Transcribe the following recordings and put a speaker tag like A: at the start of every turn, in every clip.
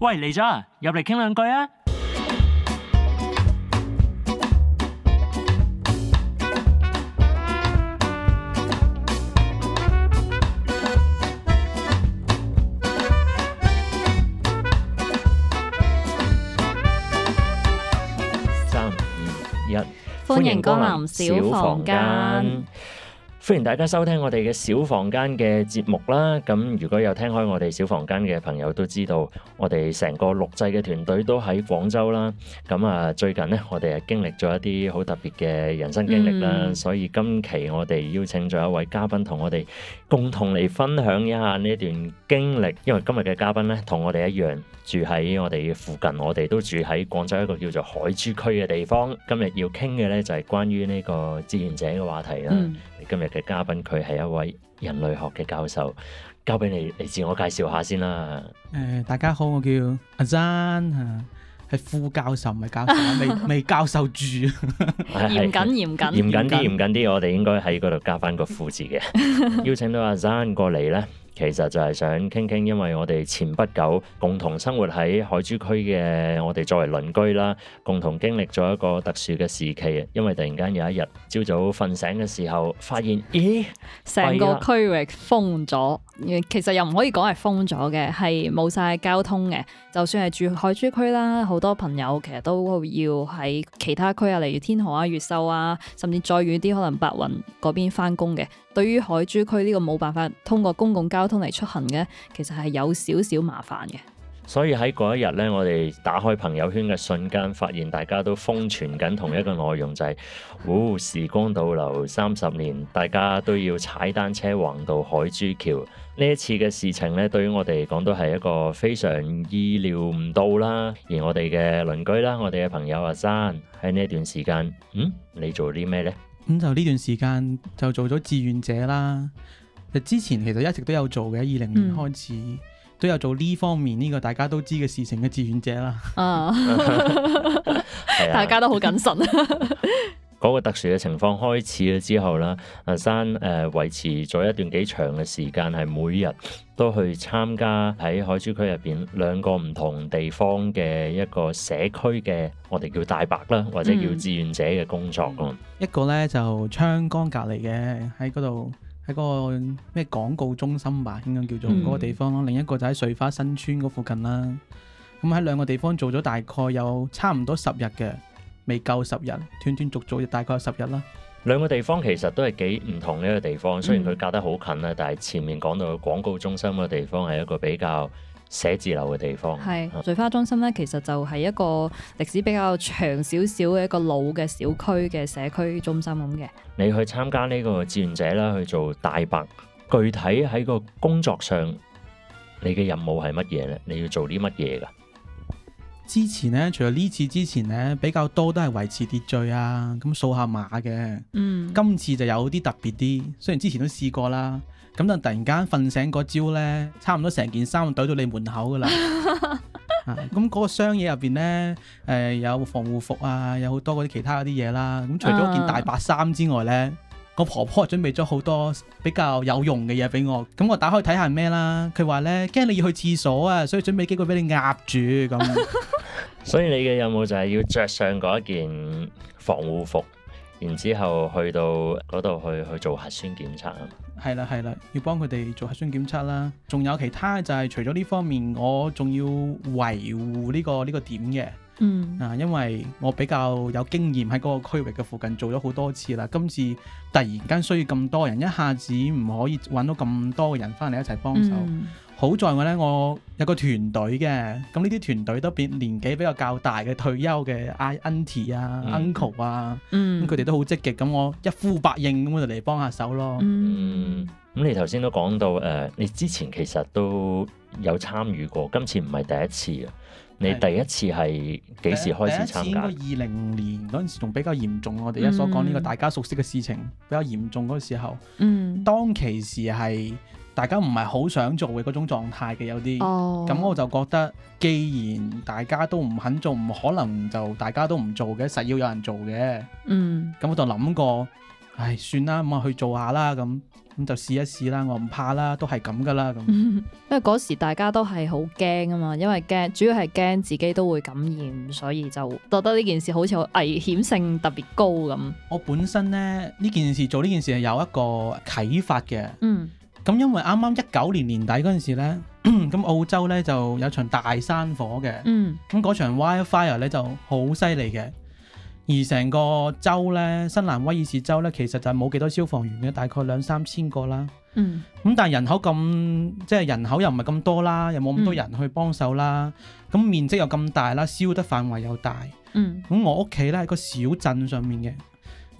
A: 喂，嚟咗入嚟傾兩句啊！三二一，歡迎光臨小房間。歡迎大家收聽我哋嘅小房間嘅節目啦。咁如果有聽開我哋小房間嘅朋友都知道，我哋成個錄製嘅團隊都喺廣州啦。咁啊，最近呢，我哋係經歷咗一啲好特別嘅人生經歷啦。嗯、所以今期我哋邀請咗一位嘉賓同我哋共同嚟，分享一下呢段經歷。因為今日嘅嘉賓呢，同我哋一樣住喺我哋附近，我哋都住喺廣州一個叫做海珠區嘅地方。今日要傾嘅呢，就係、是、關於呢個志願者嘅話題啦。嗯今日嘅嘉賓，佢係一位人類學嘅教授，交俾你，你自我介紹下先啦。誒、
B: 呃，大家好，我叫 Azan，係副教授，
A: 唔係教授 未，未教授住，嚴 謹 是嚴謹，嚴謹啲嚴謹啲，我哋應該喺嗰度加翻個副字嘅， 邀請到 Azan 過嚟咧。其實就係想傾傾，因為我哋前不久共同生活喺海珠區嘅，我哋作為鄰居啦，共同經歷咗一個特殊嘅時期。因為突然間有一日，朝早瞓醒嘅時候，發現咦，成個區
C: 域封咗。其實又唔可以講係封咗嘅，係冇晒交通嘅。就算係住海珠區啦，好多朋友其實都要喺其他區啊，例如天河啊、越秀啊，甚至再遠啲，可能白雲嗰邊翻工嘅。對於海珠區呢個冇辦法通過公共交通嚟出行嘅，其實係有少少麻煩嘅。
A: 所以喺嗰一日呢，我哋打開朋友圈嘅瞬間，發現大家都瘋傳緊同一個內容，就係：唔，時光倒流三十年，大家都要踩單車橫到海珠橋。呢一次嘅事情呢，對於我哋嚟講都係一個非常意料唔到啦。而我哋嘅鄰居啦，我哋嘅朋友阿珊喺呢一段時間，嗯，你做啲咩呢？
B: 咁就呢段時間就做咗志願者啦。之前其實一直都有做嘅，二零年開始、嗯、都有做呢方面呢個大家都知嘅事情嘅志願者啦。啊，
C: 大家都好謹慎
A: 嗰個特殊嘅情況開始咗之後啦，阿珊誒、呃、維持咗一段幾長嘅時間，係每日都去參加喺海珠區入邊兩個唔同地方嘅一個社區嘅，我哋叫大白啦，或者叫志願者嘅工作、嗯、一
B: 個咧就昌崗隔離嘅，喺嗰度喺個咩廣告中心吧應該叫做嗰個地方咯。嗯、另一個就喺穗花新村嗰附近啦。咁喺兩個地方做咗大概有差唔多十日嘅。未夠十日，斷斷續續，大概十日啦。
A: 兩個地方其實都係幾唔同嘅一個地方，雖然佢隔得好近啦，嗯、但係前面講到嘅廣告中心嘅地方係一個比較寫字樓嘅地方。係
C: 聚花中心咧，其實就係一個歷史比較長少少嘅一個老嘅小區嘅社區中心咁嘅。
A: 你去參加呢個志願者啦，去做大白，具體喺個工作上，你嘅任務係乜嘢咧？你要做啲乜嘢噶？
B: 之前咧，除咗呢次之前咧，比較多都係維持秩序啊，咁掃下碼嘅。嗯，今次就有啲特別啲，雖然之前都試過啦，咁但突然間瞓醒嗰朝咧，差唔多成件衫就堆到你門口噶啦。
A: 咁
B: 嗰、 啊嗯嗰個箱嘢入邊咧，誒、呃、有防護服啊，有好多嗰啲其他嗰啲嘢啦。咁、嗯、除咗件大白衫之外咧。我婆婆準備咗好多比較有用嘅嘢俾我，咁我打開睇下咩啦。佢話呢驚你要去廁所啊，所以準備幾個俾你壓住咁樣。
A: 所以你嘅任務就係要着上嗰一件防護服，然之後去到嗰度去去做核酸檢測啊。
B: 係啦，係啦，要幫佢哋做核酸檢測啦。仲有其他就係除咗呢方面，我仲要維護呢個呢、呢個點嘅。嗯啊，因為我比較有經驗，喺嗰個區域嘅附近做咗好多次啦，今次突然間需要咁多人，一下子唔可以揾到咁多嘅人翻嚟一齊幫手。嗯、好在我咧，我有個團隊嘅，咁呢啲團隊都變年紀比較較大嘅退休嘅阿姨啊、嗯、uncle 啊，咁佢哋都好積極，咁我一呼百應咁就嚟幫下手咯。嗯，
A: 咁、嗯、你頭先都講到誒、呃，你之前其實都有參與過，今次唔係第一次啊。你第一次係幾時開始參加？第一次應該二
B: 零年嗰陣時仲比較嚴重，我哋一所講呢個大家熟悉嘅事情比較嚴重嗰時候。嗯，當其時係大家唔係好想做嘅嗰種狀態嘅有啲。哦，咁我就覺得既然大家都唔肯做，唔可能就大家都唔做嘅，實要有人做嘅。嗯，咁我就諗過，唉，算啦，咁啊去做下啦咁。咁就試一試啦，我唔怕啦，都係咁噶啦咁。
C: 因為嗰時大家都係好驚啊嘛，因為驚主要係驚自己都會感染，所以就覺得呢件事好似危險性特別高咁。
B: 我本身呢，呢件事做呢件事係有一個啟發嘅。嗯。咁因為啱啱一九年年底嗰陣時呢，咁 澳洲呢就有場大山火嘅。嗯。咁嗰場 wildfire 咧就好犀利嘅。而成個州呢，新南威爾斯州呢，其實就冇幾多消防員嘅，大概兩三千個啦。嗯。咁但係人口咁，即係人口又唔係咁多啦，又冇咁多人去幫手啦。咁、嗯、面積又咁大啦，燒得範圍又大。嗯。咁我屋企呢，喺個小鎮上面嘅，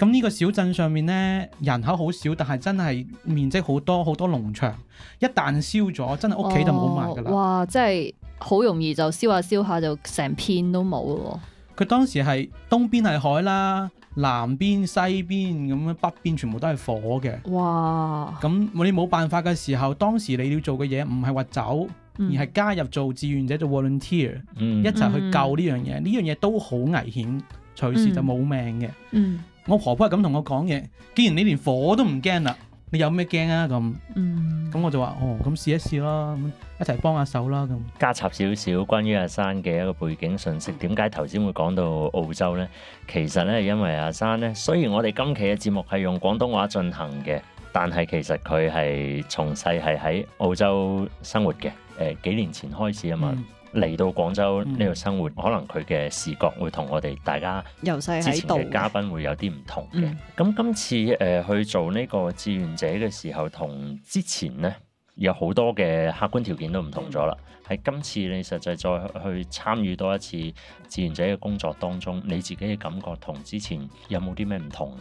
B: 咁呢個小鎮上面呢，人口好少，但係真係面積好多好多農場，一旦燒咗，真係屋企就冇埋㗎啦。哇！
C: 真係好容易就燒下燒下就成片都冇咯。
B: 佢當時係東邊係海啦，南邊、西邊咁樣，北邊全部都係火嘅。
C: 哇！
B: 咁我哋冇辦法嘅時候，當時你要做嘅嘢唔係話走，嗯、而係加入做志願者做 volunteer、嗯、一齊去救呢、嗯、樣嘢。呢樣嘢都好危險，隨時就冇命嘅、嗯。嗯，我婆婆係咁同我講嘅。既然你連火都唔驚啦。你有咩驚啊？咁，咁、嗯、我就話，哦，咁試一試咯，一齊幫下手啦咁。
A: 加插少少關於阿珊嘅一個背景信息，點解頭先會講到澳洲咧？其實咧，因為阿珊咧，雖然我哋今期嘅節目係用廣東話進行嘅，但係其實佢係從細係喺澳洲生活嘅，誒、呃、幾年前開始啊嘛。嗯嚟到廣州呢度生活，嗯、可能佢嘅視覺會同我哋大家
C: 之前嘅嘉
A: 賓會有啲唔同嘅。咁、嗯、今次誒、呃、去做呢個志願者嘅時候，同之前呢，有好多嘅客觀條件都唔同咗啦。喺、嗯、今次你實際再去參與多一次志願者嘅工作當中，你自己嘅感覺同之前有冇啲咩唔同？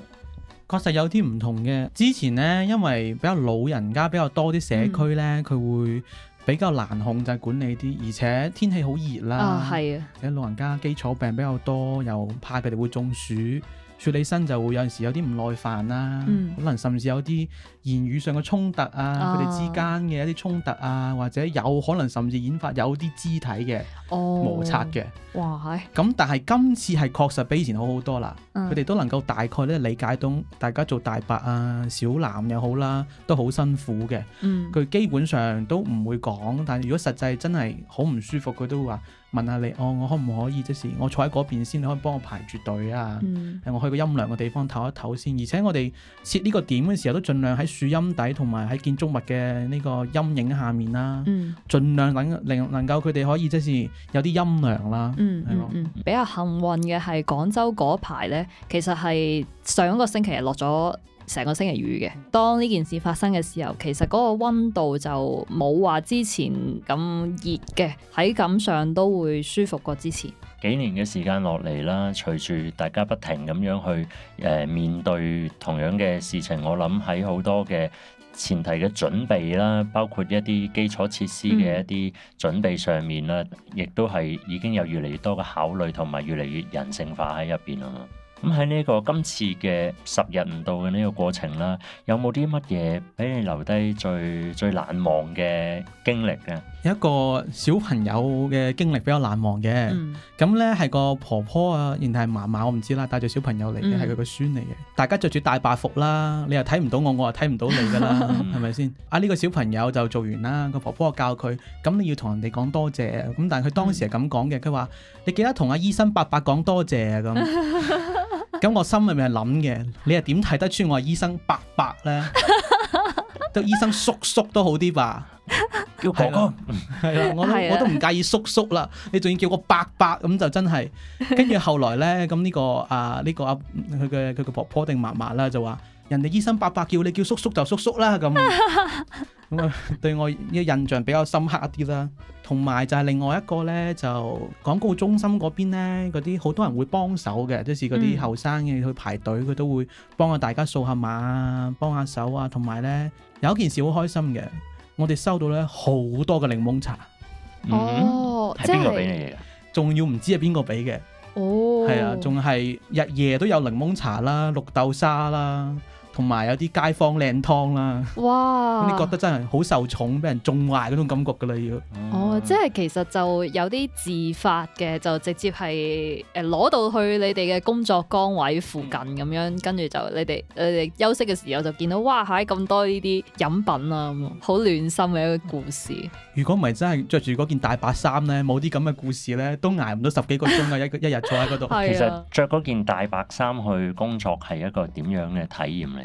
A: 確實有啲唔
B: 同嘅。之前呢，因為比較老人家比較多啲社區呢，佢、嗯、會。比較難控制，就是管理啲，而且天氣好熱啦，而且，哦、老人家基礎病比較多，又怕佢哋會中暑。處理身就會有陣時有啲唔耐煩啦、啊，嗯、可能甚至有啲言語上嘅衝突啊，佢哋、啊、之間嘅一啲衝突啊，或者有可能甚至演發有啲肢體嘅
C: 摩擦嘅、哦。哇
B: 咁但係今次係確實比以前好好多啦，佢哋、嗯、都能夠大概咧理解到大家做大白啊、小藍又好啦、啊，都好辛苦嘅。佢、嗯、基本上都唔會講，但係如果實際真係好唔舒服，佢都會話。問下你，我、哦、我可唔可以即係我坐喺嗰邊先？你可以幫我排住隊啊！係、嗯、我去個陰涼嘅地方唞一唞先。而且我哋設呢個點嘅時候都盡量喺樹蔭底同埋喺建築物嘅呢個陰影下面啦，嗯、盡量等令能，能夠佢哋可以即係有啲陰涼啦、嗯
C: 係咯嗯。比較幸運嘅係廣州嗰排咧，其實係上一個星期日落咗。成個星期雨嘅，當呢件事發生嘅時候，其實嗰個温度就冇話之前咁熱嘅，喺感上都會舒服過之前。
A: 幾年嘅時間落嚟啦，隨住大家不停咁樣去誒、呃、面對同樣嘅事情，我諗喺好多嘅前提嘅準備啦，包括一啲基礎設施嘅一啲準備上面啦，嗯、亦都係已經有越嚟越多嘅考慮同埋越嚟越人性化喺入邊啊。咁喺呢個今次嘅十日唔到嘅呢個過程啦，有冇啲乜嘢俾你留低最最難忘嘅經歷呢？
B: 有一個小朋友嘅經歷比較難忘嘅，咁、嗯、呢係個婆婆啊，然係嫲嫲，我唔知啦，帶住小朋友嚟嘅係佢個孫嚟嘅。大家着住大白服啦，你又睇唔到我，我又睇唔到你噶啦，係咪先？啊呢、這個小朋友就做完啦，個婆婆教佢，咁你要同人哋講多謝，咁但係佢當時係咁講嘅，佢話、嗯、你記得同阿醫生伯伯講多謝咁，咁我心入面係諗嘅，你又點睇得出我醫生伯伯呢？都 醫生叔叔都好啲吧？叫哥哥，係啦、 啊啊，我都我都唔介意叔叔啦。你仲要叫我伯伯咁就真係。跟住後，後來咧，咁、這、呢個啊呢、這個阿佢嘅佢嘅婆婆定嫲嫲啦，就話人哋醫生伯伯叫你叫叔叔就叔叔啦咁。咁啊，對我、這個、印象比較深刻一啲啦。同埋就係另外一個咧，就廣告中心嗰邊咧，嗰啲好多人會幫手嘅，即係嗰啲後生嘅去排隊，佢都會幫下大家掃下碼，幫下手啊。同埋咧，有一件事好開心嘅。我哋收到咧好多嘅檸檬茶，
A: 哦，係邊個俾你嘅？
B: 仲要唔知係邊個俾嘅？
C: 哦，係啊，仲係
B: 日夜都有檸檬茶啦、綠豆沙啦。同埋有啲街坊靚湯啦，
C: 哇！ 你覺得
B: 真係好受寵，俾人寵壞嗰種感覺噶啦要。嗯、哦，
C: 即係其實就有啲自發嘅，就直接係誒攞到去你哋嘅工作崗位附近咁樣，跟住、嗯、就你哋誒休息嘅時候就見到哇！喺咁多呢啲飲品啊，好暖心嘅一個故事。嗯、
B: 如果唔係真係着住嗰件大白衫咧，冇啲咁嘅故事咧，都捱唔到十幾個鐘啊！一 一日坐喺嗰度，其實
A: 着嗰件大白衫去工作係一個點樣嘅體驗？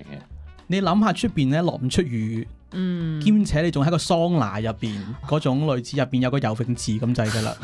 B: 你諗下出邊咧落唔出雨，嗯，兼且你仲喺個桑拿入邊嗰種類似入邊有個游泳池咁滯噶啦。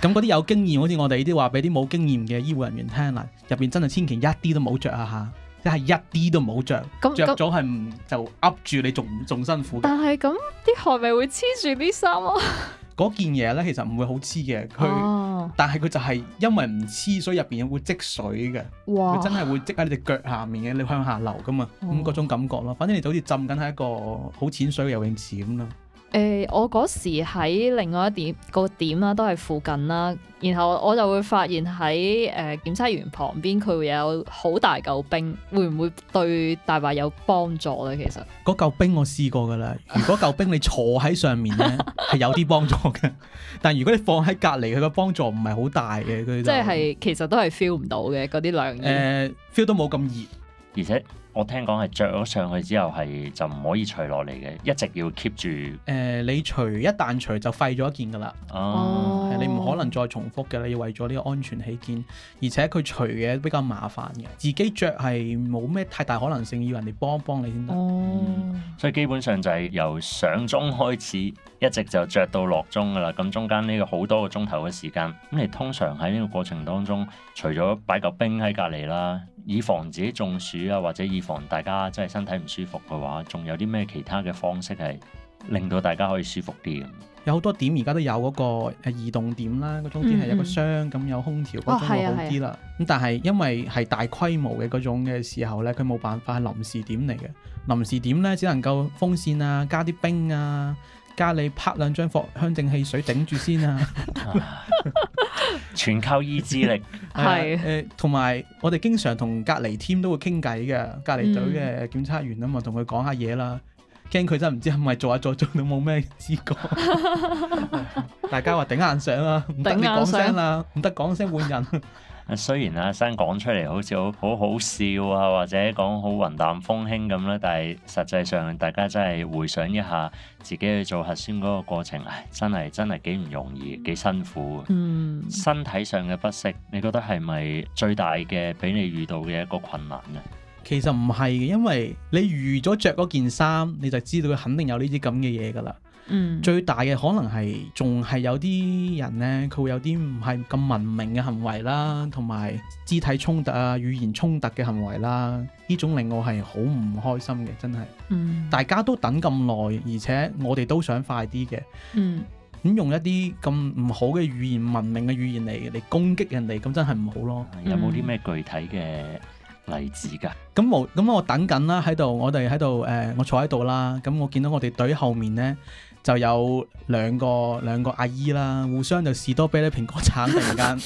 B: 咁嗰啲有經驗，好似我哋呢啲話俾啲冇經驗嘅醫護人員聽啦，入邊真係千祈一啲都冇着呀下，即係、嗯、一啲都冇着，着咗係唔就噏住你仲仲辛苦。但
C: 係咁啲汗咪會黐住啲衫咯。
B: 嗰件嘢咧，其實唔會好黐嘅，佢，啊、但係佢就係因為唔黐，所以入邊會積水嘅，
C: 佢哇真係
B: 會積喺你隻腳下面嘅，你向下流噶嘛，咁嗰哇種感覺咯，反正你就好似浸緊喺一個好淺水嘅游泳池咁咯。
C: 誒、欸，我嗰時喺另外一點個點啦，那個、點都係附近啦。然後我就會發現喺誒、呃、檢測員旁邊，佢會有好大嚿冰，會唔會對大白有幫助咧？其實
B: 嗰嚿冰我試過噶啦。如果嚿冰你坐喺上面咧，係 有啲幫助嘅。但如果你放喺隔籬，佢嘅幫助唔係好大嘅。佢就即係
C: 其實都係 feel 唔到嘅嗰啲涼意。
A: 誒，feel、呃、都冇咁熱，而且。我聽講係着咗上去之後係就唔可以除落嚟嘅，一直要 keep 住。
B: 誒、呃，你除一旦除就廢咗一件㗎啦。哦，
A: 你唔可能
B: 再重複嘅，你要為咗呢個安全起見，而且佢除嘅比較麻煩嘅，自己着係冇咩太大可能性要人哋幫幫你先得。哦、嗯，
A: 所以基本上就係由上鐘開始。一直就着到落鐘噶啦。咁中間呢個好多個鐘頭嘅時間，咁你通常喺呢個過程當中，除咗擺嚿冰喺隔籬啦，以防自己中暑啊，或者以防大家即係身體唔舒服嘅話，仲有啲咩其他嘅方式係令到大家可以舒服啲？
B: 有好多點而家都有嗰個移動點啦，個中間係有個箱咁，嗯、有空調嗰種會好啲啦。咁、嗯哦、但係因為係大規模嘅嗰種嘅時候呢，佢冇辦法係臨時點嚟嘅。臨時點呢，只能夠風扇啊，加啲冰啊。隔離拍兩張霍香正氣水頂住先啊！
A: 全靠意志力，
B: 係誒、 啊，同、呃、埋我哋經常同隔離 team 都會傾偈嘅，隔離隊嘅檢測員啊嘛，同佢講下嘢啦。驚佢真係唔知係咪做下做一做，做到冇咩知覺，
A: 大家話頂硬上啊！唔得你講聲啦、啊，唔得講聲換人。 雖然阿生講出嚟好似好好笑啊，或者講好雲淡風輕咁啦，但係實際上大家真係回想一下自己去做核酸嗰個過程，唉、哎，真係真係幾唔容易，幾辛苦。嗯，身體上嘅不適，你覺得係咪最大嘅俾你遇到嘅一個困難呢？
B: 其實唔係，因為你預咗着嗰件衫，你就知道佢肯定有呢啲咁嘅嘢噶啦。嗯、最大嘅可能係仲係有啲人呢，佢會有啲唔係咁文明嘅行為啦，同埋肢體衝突啊、語言衝突嘅行為啦，呢種令我係好唔開心嘅，真係。嗯，大家都等咁耐，而且我哋都想快啲嘅。嗯，咁用一啲咁唔好嘅語言、文明嘅語言嚟嚟攻擊人哋，咁真係
A: 唔好咯。有冇啲咩具體嘅例子㗎？咁
B: 冇、嗯、咁、嗯、我，我等緊啦，喺度我哋喺度誒，我坐喺度啦，咁我見到我哋隊後面呢。就有兩個兩個阿姨啦，互相就士多啤梨、蘋果橙，突然間，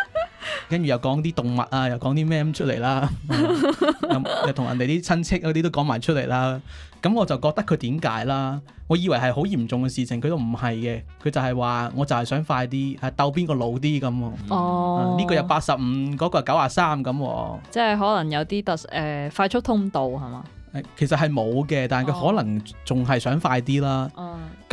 B: 跟住又講啲動物啊，又講啲咩咁出嚟啦、啊， 又同人哋啲親戚嗰啲都講埋出嚟啦、啊。咁我就覺得佢點解啦？我以為係好嚴重嘅事情，佢都唔係嘅，佢就係話，我就係想快啲，係鬥邊個老啲咁。哦，
C: 呢個又
B: 八十五，嗰個九廿三咁。
C: 即係可能有啲特誒、呃、快速通道係嘛？
B: 其實係冇嘅，但係佢可能仲係想快啲啦。咁、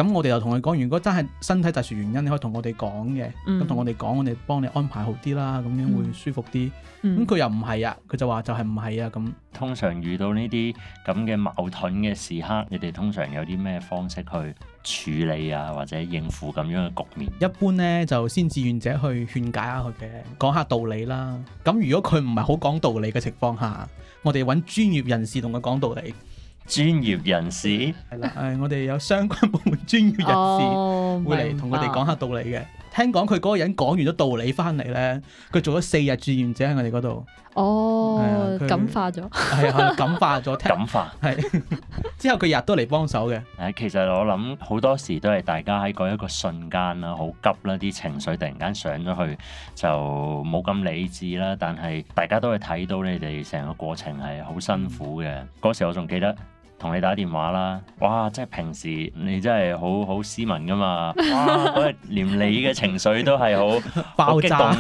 B: 哦、我哋又同佢講，如果真係身體特殊原因，你可以同我哋講嘅。咁同、嗯、我哋講，我哋幫你安排好啲啦，咁樣會舒服啲。
A: 咁佢、嗯、又唔係啊，佢就話就係唔係啊咁。通常遇到呢啲咁嘅矛盾嘅時刻，你哋通常有啲咩方式去處理啊，或者應付咁樣嘅局
B: 面？一般呢，就先志願者去勸解下佢嘅，講下道理啦。咁如果佢唔係好講道理嘅情況下，我哋揾專業人士同佢講道理。專
A: 業人士？
B: 係啦， 我哋有相關部門專業人士會嚟同佢哋講下道理嘅。聽講佢嗰個人講完咗道理翻嚟咧，佢做咗
A: 四日志願
B: 者喺我哋嗰度。
C: 哦，感化咗。
A: 係啊，感化咗。感化。係。 之後佢日都嚟幫手嘅。誒，其實我諗好多時都係大家喺嗰一個瞬間啦，好急啦，啲情緒突然間上咗去就冇咁理智啦。但係大家都係睇到你哋成個過程係好辛苦嘅。嗯、嗰時我仲記得。同你打電話啦！哇，即係平時你真係好好斯文㗎嘛，哇！ 連你嘅情緒都係好爆炸，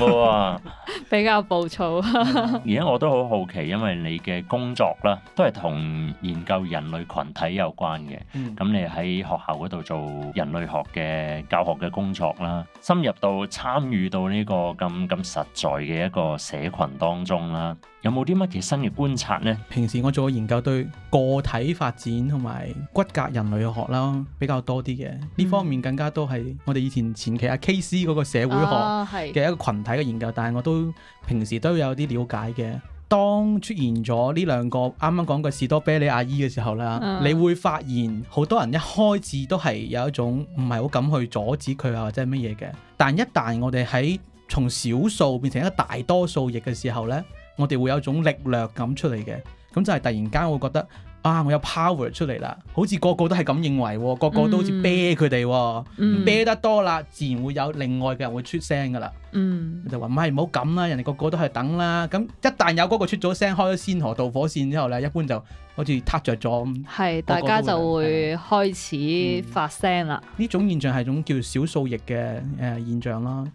C: 比較暴躁。而
A: 家我都好好奇，因為你嘅工作啦，都係同研究人類群體有關嘅。咁、嗯、你喺學校嗰度做人類學嘅教學嘅工作啦，深入到參與到呢個咁咁實在嘅一個社群當中啦。有冇啲乜嘢新嘅觀察呢？平時我做研究對
B: 個體發展同埋骨骼人類
A: 學啦比較多啲嘅呢方面，更
B: 加都係我哋以前前期阿 K C 嗰個社會學嘅一個群體嘅研究。啊、但係我都平時都有啲了解嘅。當出現咗呢兩個啱啱講個士多啤梨阿姨嘅時候啦，嗯、你會發現好多人一開始都係有一種唔係好敢去阻止佢啊，或者係乜嘢嘅。但一旦我哋喺從少數變成一個大多數域嘅時候呢，我哋會有種力量感出嚟嘅，咁就係突然間會覺得啊，我有 power 出嚟啦，好似個個都係咁認為，個個都好似啤佢哋，啤、嗯、得多啦，自然會有另外嘅人會出聲噶啦。
A: 嗯，
B: 就話唔係唔好咁啦，人哋個個都係等啦。咁一旦有嗰個，個出咗聲，開咗先河導火線之後咧，一般就好似撻着咗咁。
C: 係，大家就會開始發聲啦。
B: 呢、嗯、種現象係種叫少數逆嘅誒現象啦。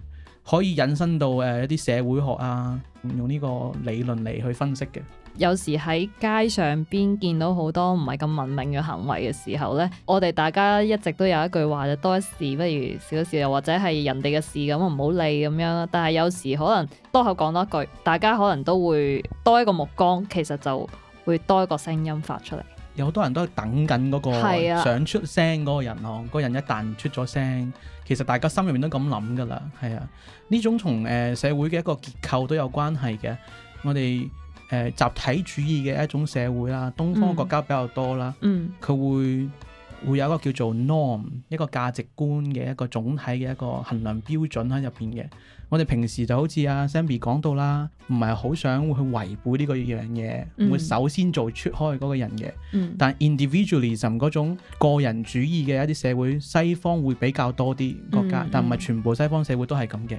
B: 可以引申到誒一啲社會學啊，用呢個理論嚟去分析嘅。
C: 有時喺街上邊見到好多唔係咁文明嘅行為嘅時候呢，我哋大家一直都有一句話就多一事不如少一事，又或者係人哋嘅事咁唔好理咁樣。但係有時可能多口講多句，大家可能都會多一個目光，其實就會多一個聲音發
B: 出嚟。有好多人都係等緊嗰個想出聲嗰個人行，啊、嗰個人一旦出咗聲。其實大家心入面都咁諗㗎啦，係啊，呢種同誒、呃、社會嘅一個結構都有關係嘅，我哋誒、呃、集體主義嘅一種社會啦，東方國家比較多啦，佢、嗯、會。會有一個叫做 norm，一個價值觀嘅一個總體嘅一個衡量標準喺入邊嘅。我哋平時就好似阿 Sammy 講到啦，唔係好想會去違背呢個樣嘢，嗯、會首先做出開嗰個人嘅。嗯、但 individualism 嗰種個人主義嘅一啲社會，西方會比較多啲國家，嗯、但唔係全部西方社會都係咁嘅。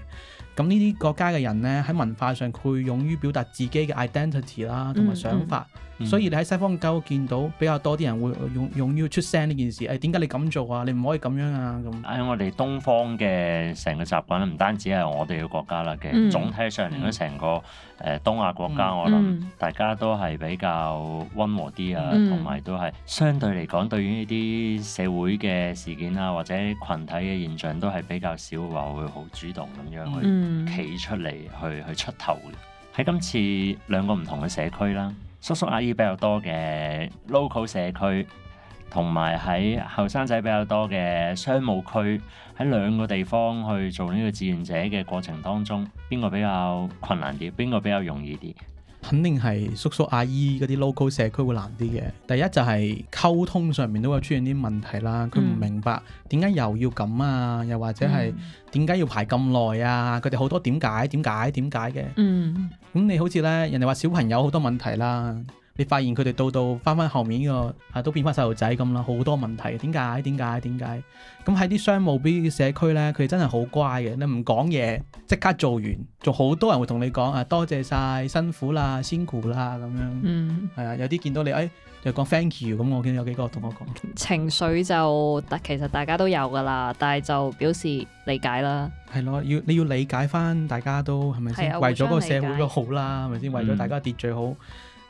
B: 咁呢啲國家嘅人呢，喺文化上佢勇於表達自己嘅 identity 啦，同埋想法。嗯嗯嗯。所以你喺西方嘅街度見到比較多啲人會用用要出聲呢件事，誒點解你咁做啊？你唔可以咁樣啊咁。
A: 喺、哎、我哋東方嘅成個習慣咧，唔單止係我哋嘅國家啦嘅，總體上嚟講，成個誒、嗯呃、東亞國家，我諗大家都係比較溫和啲啊，同埋、嗯、都係相對嚟講，對於呢啲社會嘅事件啊，或者群體嘅現象都係比較少話會好主動咁樣去企出嚟去去，去出頭嘅。喺今次兩個唔同嘅社區啦。叔叔阿姨比較多嘅 local 社區，同埋喺後生仔比較多嘅商務區，喺兩個地方去做呢個志願者嘅過程當中，邊個比較困難啲？邊個比較容易啲？
B: 肯定係叔叔阿姨嗰啲 local 社區會難啲嘅。第一就係溝通上面都會出現啲問題啦，佢唔明白點解、嗯、又要咁啊，又或者係點解要排咁耐啊？佢哋好多點解點解點解嘅。
A: 嗯，
B: 咁、嗯、你好似咧，人哋話小朋友好多問題啦。你發現佢哋到到翻翻後面呢、這個啊都變翻細路仔咁啦，好多問題。點解？點解？點解？咁喺啲商務 B 社區咧，佢哋真係好乖嘅，你唔講嘢，即刻做完，仲好多人會同你講啊，多謝晒，辛苦啦，辛苦啦咁樣。嗯。係啊，有啲見到你誒又講 thank you 咁，我見到有幾個同我講。
C: 情緒就其實大家都有噶啦，但係就表示理解啦。
B: 係咯，要你要理解翻大家都係咪先？係係為咗個社會都好啦，係咪先？嗯、為咗大家秩序好。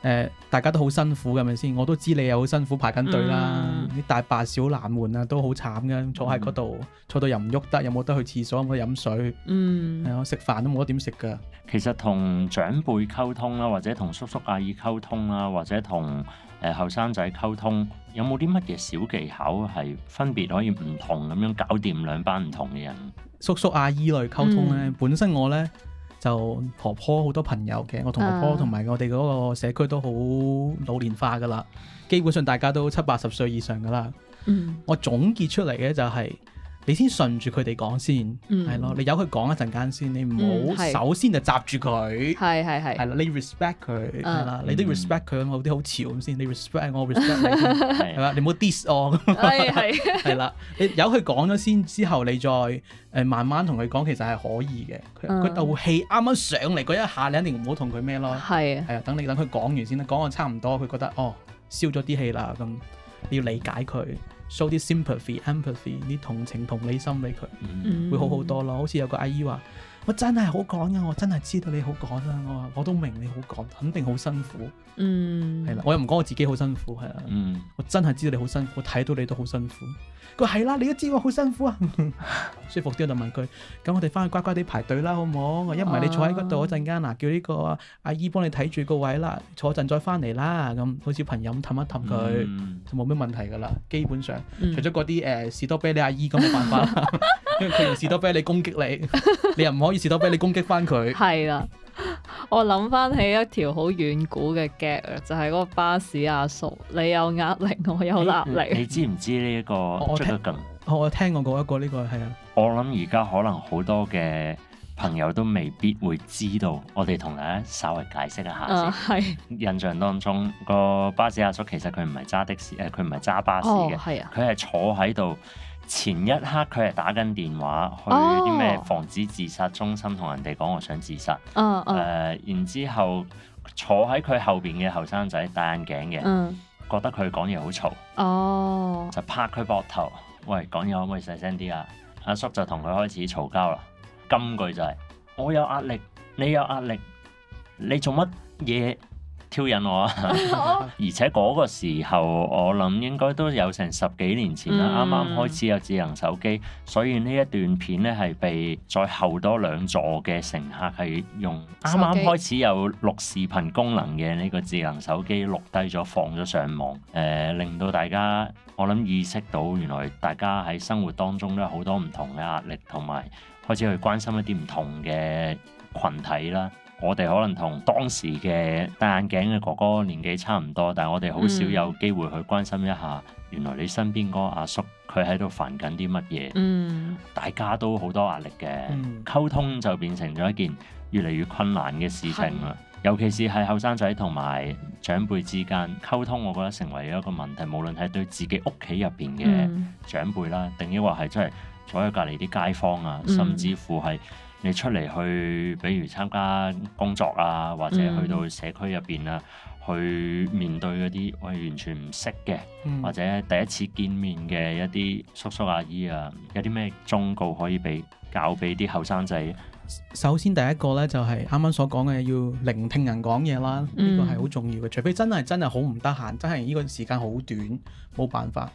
B: 誒、呃，大家都好辛苦嘅咪先？我都知你又好辛苦排緊隊啦，啲、嗯、大白小藍們啊都好慘嘅，坐喺嗰度，嗯、坐到又唔喐得，又冇得去廁所，又冇得飲水，嗯，係啊、呃，食飯都冇
A: 得點食㗎。其實同長輩溝通啦，或者同叔叔阿姨溝通啦，或者同誒後生仔溝通，有冇啲乜嘢小技巧係分別可以唔同咁樣搞掂兩班唔同嘅人？嗯、
B: 叔叔阿姨類溝通咧，本身我咧。嗯就婆婆好多朋友嘅，我同婆婆同埋我哋嗰個社區都好老年化噶啦，基本上大家都七八十歲以上噶啦。嗯，我總結出嚟嘅就係、是。你先順住佢哋講先，係咯，你由佢講一陣間先，你唔好首先就閘住佢，係係係，係啦，你 respect 佢啦，你都 respect 佢，我啲好潮咁先，你 respect 我，respect 你，係嘛，你冇 dis s 我。係啦，你由佢講咗先，之後你再誒慢慢同佢講，其實係可以嘅。佢鬥氣啱啱上嚟嗰一下，你一定唔好同佢咩咯，係，係啊，等你等佢講完先啦，講完差唔多，佢覺得哦，消咗啲氣啦，咁你要理解佢。show 啲 sympathy、empathy，啲同情同理心俾佢，嗯、會好好多咯。好似有個阿姨話。我真係好講啊！我真係知道你好講啊！我話我都明你好講，肯定好辛苦。嗯，係啦，我又唔講我自己好辛苦係啦。嗯，我真係知道你好辛苦，我睇到你都好辛苦。佢話係啦，你都知我好辛苦啊， 舒服啲，我就問佢：咁我哋翻去乖乖哋排隊啦，好唔好？我因為你坐喺嗰度嗰陣間嗱，叫呢個阿姨幫你睇住個位啦，坐陣再翻嚟啦。咁好似小朋友氹一氹佢，嗯、就冇咩問題噶啦。基本上，嗯、除咗嗰啲誒士多啤梨阿姨，咁冇辦法啦。 佢唔士多啤梨攻擊你， 你又唔可以士多啤梨攻擊翻佢。
C: 係啦， 我諗翻起一條好遠古嘅 gap 就係、是、嗰巴士阿叔，你有壓力，我有壓力。你，你
A: 知唔知呢一、這個、哦？我聽
B: 我聽過一個呢個係
A: 啊。我諗而家可能好多嘅朋友都未必會知道，我哋同大家稍微解釋一下先。嗯、印象當中個巴士阿叔其實佢唔係揸的士，誒佢唔係揸巴士嘅，係啊、哦，佢係坐喺度。前一刻佢係打緊電話去啲咩防止自殺中心，同人哋講我想自殺。誒、哦嗯呃，然之後坐喺佢後邊嘅後生仔戴眼鏡嘅，嗯、覺得佢講嘢好嘈，哦、就拍佢膊頭，喂講嘢可唔可以細聲啲啊？阿叔，叔就同佢開始嘈交啦。金句就係、是、我有壓力，你有壓力，你做乜嘢？挑釁我啊！ 而且嗰個時候，我諗應該都有成十幾年前啦，啱啱、嗯、開始有智能手機，所以呢一段片咧係被再後多兩座嘅乘客係用啱啱機開始有錄視頻功能嘅呢個智能手機錄低咗，放咗上網誒、呃、令到大家，我諗意識到原來大家喺生活當中咧好多唔同嘅壓力，同埋開始去關心一啲唔同嘅群體啦。我哋可能同當時嘅戴眼鏡嘅哥哥嘅年紀差唔多，但係我哋好少有機會去關心一下，原來你身邊個阿叔佢喺度煩緊啲乜嘢？嗯，大家都好多壓力嘅，嗯、溝通就變成咗一件越嚟越困難嘅事情啦。的尤其是係後生仔同埋長輩之間溝通，我覺得成為咗一個問題。無論係對自己屋企入邊嘅長輩啦，定抑或係真係坐喺隔離啲街坊啊，嗯、甚至乎係。你出嚟去，比如參加工作啊，或者去到社區入邊啊，去面對嗰啲我完全唔識嘅，嗯、或者第一次見面嘅一啲叔叔阿姨啊，有啲咩忠告可以俾教俾啲後生仔？
B: 首先第一個呢，就係啱啱所講嘅，要聆聽人講嘢啦，呢個係好重要嘅。除非真係真係好唔得閒，真係呢個時間好短，冇辦法。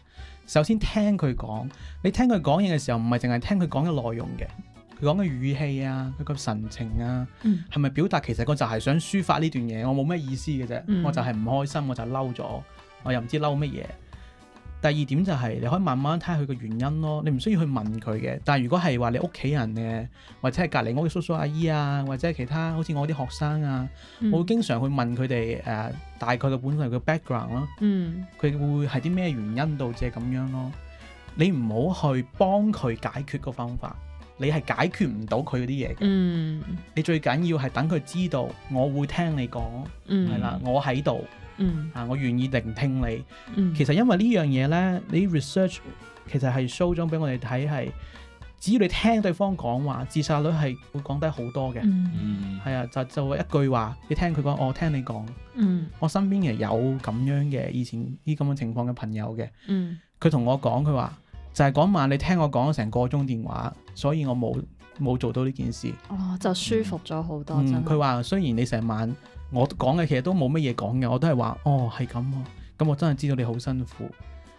B: 首先聽佢講，你聽佢講嘢嘅時候，唔係淨係聽佢講嘅內容嘅。講嘅語氣啊，佢個神情啊，係咪、嗯、表達，其實我就係想抒發呢段嘢？我冇咩意思嘅啫，嗯、我就係唔開心，我就嬲咗，我又唔知嬲乜嘢。第二點就係你可以慢慢睇下佢個原因咯，你唔需要去問佢嘅。但係如果係話你屋企人嘅，或者係隔籬屋嘅叔叔阿姨啊，或者係其他好似我啲學生啊，嗯、我會經常去問佢哋誒，大概嘅本身嘅 background 咯，佢、嗯、會係啲咩原因導致咁樣咯？你唔好去幫佢解決個方法。你係解決唔到佢嗰啲嘢嘅。嗯，你最緊要係等佢知道，我會聽你講，係啦、嗯，我喺度，嗯，啊，我願意聆聽，聽你。嗯、其實因為呢樣嘢呢，你 research 其實係 show 咗俾我哋睇，係只要你聽對方講話，自殺率係會降低好多嘅。嗯，係啊，就就一句話，你聽佢講，我聽你講。嗯，我身邊嘅有咁樣嘅，以前啲咁嘅情況嘅朋友嘅。佢同、嗯、我講，佢話就係嗰晚你聽我講咗成個鐘電話。所以我冇冇做到呢件事，
C: 哦就舒服咗好多。佢
B: 話、嗯、雖然你成晚我講嘅其實都冇乜嘢講嘅，我都係話哦係咁，咁、啊、我真係知道你好辛苦，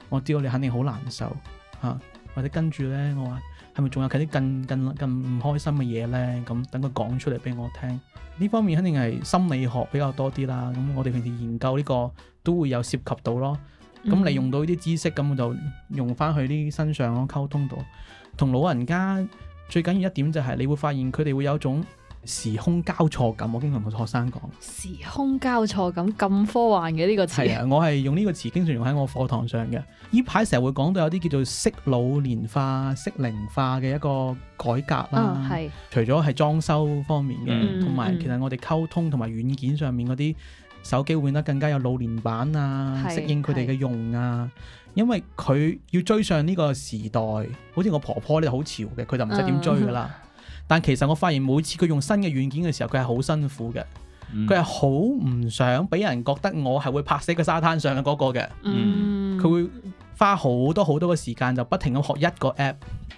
B: 我知道你肯定好難受嚇、啊。或者跟住呢。我話係咪仲有啲更更更唔開心嘅嘢呢？咁等佢講出嚟俾我聽。呢方面肯定係心理學比較多啲啦。咁我哋平時研究呢個都會有涉及到咯。咁你用到呢啲知識，咁我就用翻去啲身上咯，溝通到。同老人家最緊要一點就係，你會發現佢哋會有種時空交錯感。我經常同學生講，時
C: 空交錯感咁科幻嘅呢個詞、啊。
B: 我係用呢個詞經常用喺我課堂上嘅。呢排成日會講到有啲叫做適老年化、適齡化嘅一個改革啦。係、哦，除咗係裝修方面嘅，同埋、嗯、其實我哋溝通同埋軟件上面嗰啲。手機會變得更加有老年版啊，是適應佢哋嘅用啊，因為佢要追上呢個時代，好似我婆婆咧，好潮嘅，佢就唔使點追噶啦。嗯、但其實我發現每次佢用新嘅軟件嘅時候，佢係好辛苦嘅，佢係好唔想俾人覺得我係會拍死個沙灘上嘅嗰個嘅，佢、
A: 嗯、會。花好多好多嘅時間就不停咁學一個 app。誒、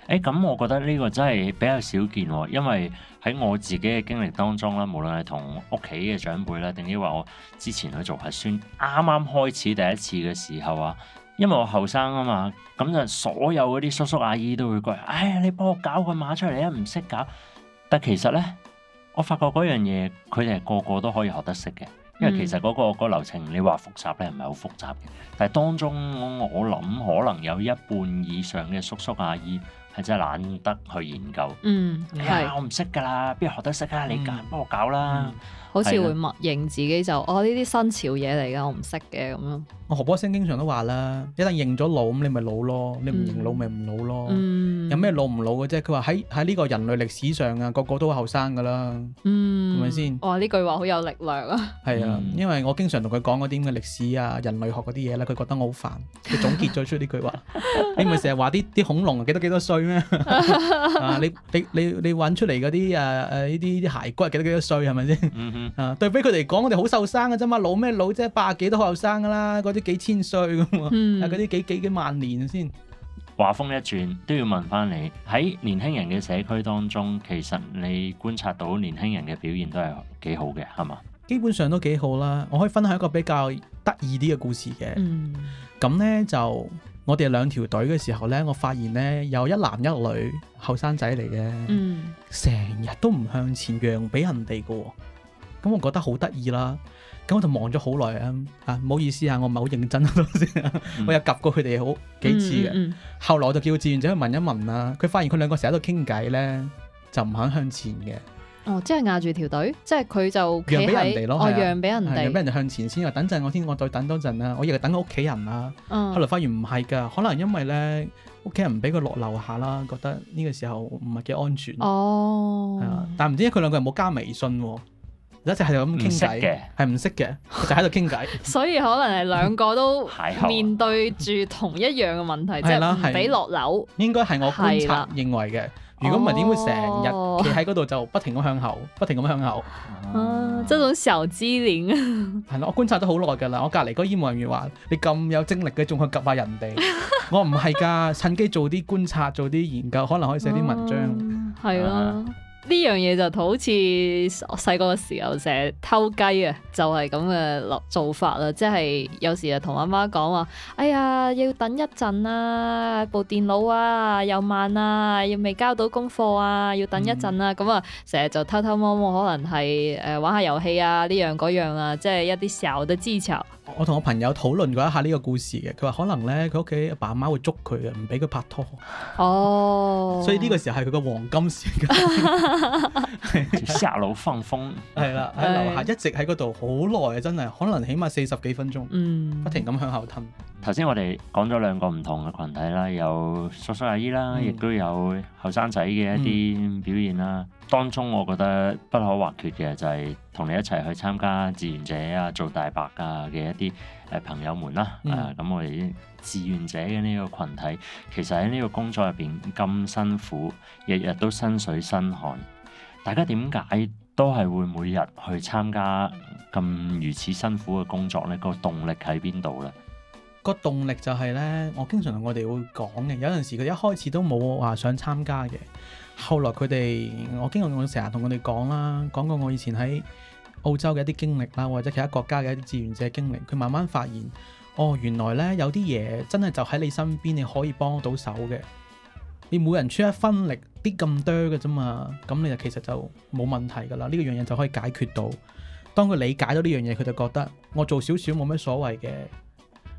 A: 欸，咁我覺得呢個真係比較少見喎、哦，因為喺我自己嘅經歷當中啦，無論係同屋企嘅長輩啦，定抑或我之前去做核酸啱啱開始第一次嘅時候啊，因為我後生啊嘛，咁就所有嗰啲叔叔阿姨都會講：哎呀，你幫我搞個碼出嚟啊，唔識搞。但其實呢，我發覺嗰樣嘢，佢哋個個都可以學得識嘅。因為其實嗰個流程，你話複雜咧，唔係好複雜嘅。但係當中我諗，可能有一半以上嘅叔叔阿姨係真係懶得去研究。嗯，係、哎、我唔識㗎啦，邊度學得識啊？嗯、你搞幫我搞啦、嗯。
C: 好似會默認自己就的哦呢啲新潮嘢嚟㗎，我唔識嘅咁樣。
A: 我何博士經
B: 常都話啦，一旦認咗老咁，你咪老咯；你唔認老咪唔、嗯、老咯。嗯。有咩老唔老嘅啫？佢話喺喺呢個人類歷史上啊，個個都後生噶啦，係
C: 咪先？哦，呢句話好有力量啊！
B: 係啊的，嗯、因為我經常同佢講嗰啲咁嘅歷史啊、人類學嗰啲嘢啦，佢覺得我好煩，佢總結咗出呢句話。 你唔係成日話啲啲恐龍幾多幾多歲咩？ 你你你你揾出嚟嗰啲誒誒呢啲啲骸骨幾多幾多歲係咪先？啊，對比佢哋嚟講，我哋好後生嘅啫嘛，老咩老啫？百幾都後生噶啦，嗰啲幾千歲咁啊，嗰啲、嗯、 幾幾幾萬年先。
A: 話鋒一轉，都要問翻你喺年輕人嘅社區當中，其實你觀察到年輕人嘅表現都係幾好嘅，係嘛？
B: 基本上都幾好啦，我可以分享一個比較得意啲嘅故事嘅。嗯，咁呢就我哋兩條隊嘅時候呢，我發現呢有一男一女後生仔嚟嘅，嗯，成日都唔向前讓俾人哋㗎，咁我覺得好得意啦。咁我就望咗好耐啊！嚇、啊，唔好意思啊，我唔係好認真啊，啊嗯、 我有及過佢哋好幾次嘅。嗯嗯、後來我就叫志願者去問一問啊，佢發現佢兩個成日喺度傾偈咧，就唔肯向前嘅。
C: 哦，即係壓住條隊，即係佢就
B: 讓俾人哋咯，係、哦哦、啊，讓俾人哋，讓俾人哋向前先啊！等陣我先，我再等多陣啊！我一直等屋企人啊。嗯、後來發現唔係㗎，可能因為咧屋企人唔俾佢落樓下啦，覺得呢個時候唔係幾安全。哦、嗯，係啊，但係唔知點解佢兩個又冇加微信喎、啊。一直係咁傾偈，係唔識嘅，就喺度傾偈。
C: 所以可能係兩個都面對住同一樣嘅問題，即係唔俾落樓。
B: 應該係我觀察認為嘅。如果唔係，點會成日企喺嗰度就不停咁向後，不停咁向後。啊，這種小機靈。係咯，我觀察咗好耐㗎啦。我隔離個醫務人員話：你咁有精力嘅，仲去及下人哋。我唔係㗎，趁機做啲觀察，做啲研究，可能可以寫啲文章。
C: 係啊。呢樣嘢就好似我細個嘅時候成日偷雞啊，就係咁嘅做法啦，即係有時啊同媽媽講話，哎呀要等一陣啦，啊，部電腦啊又慢啊，要未交到功課啊，要等一陣啦，啊，咁啊成日就偷偷摸摸，可能係誒、呃、玩下遊戲啊呢樣嗰樣啊，即係一啲時候都支持。
B: 我同我朋友討論過一下呢個故事嘅，佢話可能咧佢屋企阿爸阿媽會捉佢嘅，唔俾佢拍拖。哦，
C: 所以呢個
B: 時候係佢個黃金時間。下樓放風，係啦，喺樓下一直喺嗰度好耐啊，真係可能起碼四十幾分鐘，嗯、不停咁向後吞。
A: 頭先我哋講咗兩個唔同嘅群體啦，有叔叔阿姨啦，亦、嗯、都有後生仔嘅一啲表現啦。嗯嗯當中我覺得不可或缺嘅就係同你一齊去參加志願者啊、做大白啊嘅一啲誒朋友們啦、啊。咁、嗯啊、我哋志願者嘅呢個群體，其實喺呢個工作入邊咁辛苦，日日都身水身汗，大家點解都係會每日去參加咁如此辛苦嘅工作呢？這個動力喺邊度呢？
B: 個動力就係呢。我經常同我哋會講嘅，有陣時佢一開始都冇話想參加嘅。後來佢哋，我經過我經常我成日同佢哋講啦，講過我以前喺澳洲嘅一啲經歷啦，或者其他國家嘅一啲志願者經歷。佢慢慢發現，哦，原來呢，有啲嘢真係就喺你身邊，你可以幫到手嘅。你每人出一分力，啲咁多嘅啫嘛。咁你就其實就冇問題噶啦。呢、呢個樣嘢就可以解決到。當佢理解咗呢樣嘢，佢就覺得我做少少冇乜所謂嘅，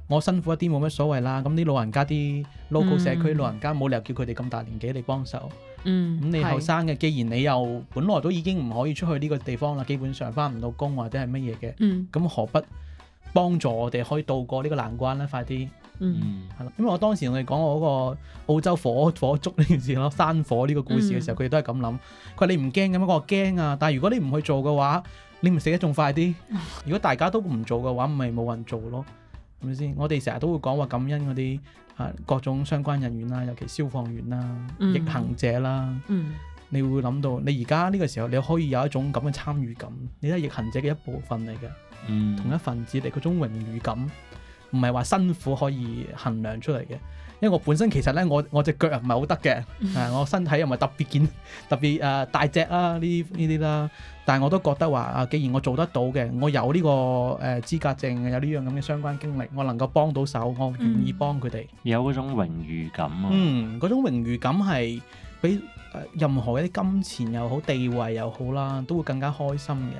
B: 我辛苦一啲冇乜所謂啦。咁啲老人家啲 local 社區老人家冇、嗯、理由叫佢哋咁大年紀嚟幫手。嗯，咁你後生嘅，既然你又本來都已經唔可以出去呢個地方啦，基本上翻唔到工或者係乜嘢嘅，咁、嗯、何不幫助我哋可以渡過呢個難關咧？快啲，嗯，係咯，因為我當時同你講我哋講嗰個澳洲火火燭呢件事咯，山火呢個故事嘅時候，佢哋都係咁諗，佢話你唔驚咁啊？我話驚啊，但係如果你唔去做嘅話，你咪死得仲快啲。嗯、如果大家都唔做嘅話，咪冇人做咯。係咪先？我哋成日都會講話感恩嗰啲啊，各種相關人員啦，尤其消防員啦、嗯、逆行者啦，嗯、你會諗到，你而家呢個時候你可以有一種咁嘅參與感，你都係逆行者嘅一部分嚟嘅，嗯、同一份子嚟，嗰種榮譽感唔係話辛苦可以衡量出嚟嘅。因為我本身其實咧，我我隻腳又唔係好得嘅， 啊，我身體又唔係特別健，特別誒、呃、大隻啦、啊，呢呢啲啦。但係我都覺得話啊，既然我做得到嘅，我有呢、呢個誒、呃、資格證，有呢樣咁嘅相關經歷，我能夠幫到手，我願意幫佢哋。
A: 嗯、有嗰種榮譽感啊！嗯，
B: 嗰種榮譽感係比、呃、任何一啲金錢又好、地位又好啦，都會更加開心嘅。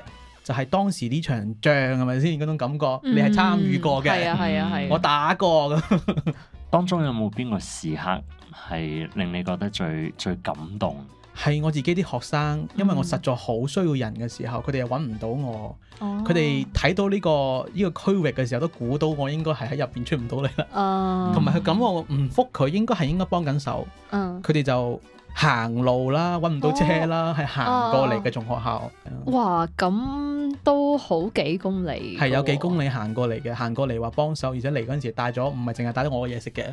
B: 就係、係、
A: 當時呢場仗係咪先嗰種感覺？你係、嗯、參與過嘅，係啊係啊係。我打過咁。當中有冇邊個時刻係令你覺得最最感動？
B: 係我自己啲學生，因為我實在好需要人嘅時候，佢哋、嗯、又揾唔到我，佢哋睇到呢、這個呢、這個區域嘅時候都估到我應該係喺入邊出唔到嚟啦，同埋佢感覺我唔覆佢，應該係應該幫緊手，佢哋、嗯、就。行路啦，揾唔到車啦，係、哦、行過嚟嘅從學校。
C: 哇，咁都好幾公里，哦。係有
B: 幾公里行過嚟嘅，行過嚟話幫手，而且嚟嗰陣時帶咗唔係淨係帶咗我嘅嘢食嘅，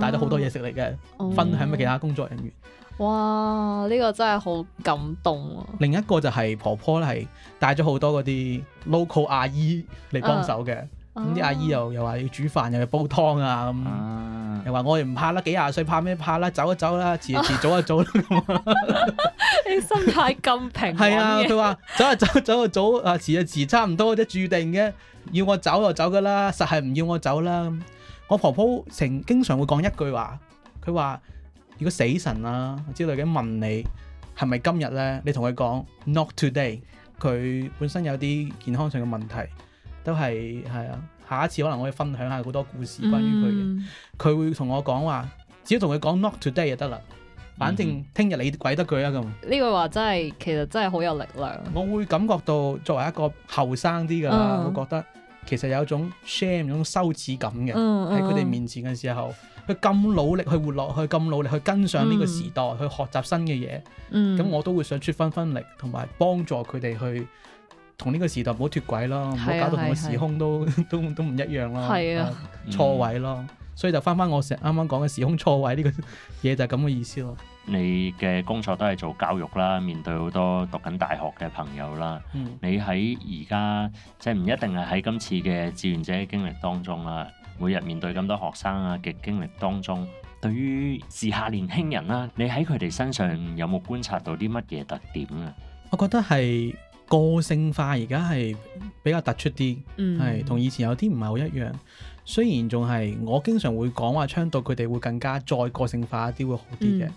C: 帶咗好多嘢食
B: 嚟嘅，嗯、分享畀其他工作人員。
C: 哇，呢、這個真係好感動
B: 啊！另一個就係婆婆咧，係帶咗好多嗰啲 local 阿姨嚟幫手嘅。啊咁啲阿姨又又話要煮飯，又要煲湯啊咁，又話我哋唔怕啦，幾廿歲怕咩怕啦，走一走啦，遲一遲，早一早。咁
C: 你心態咁平和嘅係 啊，佢
B: 話走啊走，走，走啊早啊遲一遲，差唔多啫，我注定嘅。要我走就走噶啦，實係唔要我走啦。我婆婆成經常會講一句話，佢話：如果死神啊我知道類嘅問你係咪今日咧，你同佢講 not today。佢本身有啲健康上嘅問題。都係係啊，下一次可能我可以分享下好多故事關於佢嘅。佢、嗯、會同我講話，只要同佢講 not today 就得啦。反正聽日你鬼得佢啊咁。
C: 呢句話真係其實真係好有力量。
B: 我會感覺到作為一個後生啲嘅，嗯、我覺得其實有一種 shame，一種羞恥感嘅喺佢哋面前嘅時候，佢咁努力去活落去，咁努力去跟上呢個時代，嗯、去學習新嘅嘢。咁、嗯、我都會想出分分力，同埋幫助佢哋去。同呢個時代唔好脫軌咯，唔好是、啊、搞到同個時空都是、啊、都都唔一樣咯，錯是、啊啊、位咯，嗯、所以就翻翻
A: 我成日啱啱講嘅時空錯位呢個嘢就係咁嘅意思咯。你嘅工作都係做教育啦，面對好多讀緊大學嘅朋友啦，嗯、你喺而家即係唔一定係喺今次嘅志願者嘅經歷當中啦，每日面對咁多學生啊嘅經歷當中，對於時下年輕人啦、啊，你喺佢哋身上有冇觀察到啲乜嘢特點啊？
B: 我覺得係。個性化而家係比較突出啲，係同、嗯、以前有啲唔係好一樣。雖然仲係我經常會講話，倡導佢哋會更加再個性化一啲會好啲嘅。嗯、